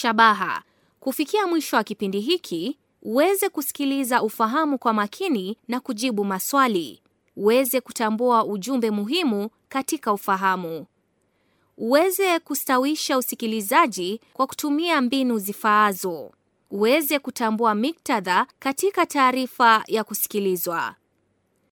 Shabaha. Kufikia mwisho wa kipindi hiki, uweze kusikiliza ufahamu kwa makini na kujibu maswali. Uweze kutambua ujumbe muhimu katika ufahamu. Uweze kustawisha usikilizaji kwa kutumia mbinu zifaazo. Uweze kutambua miktadha katika taarifa ya kusikilizwa.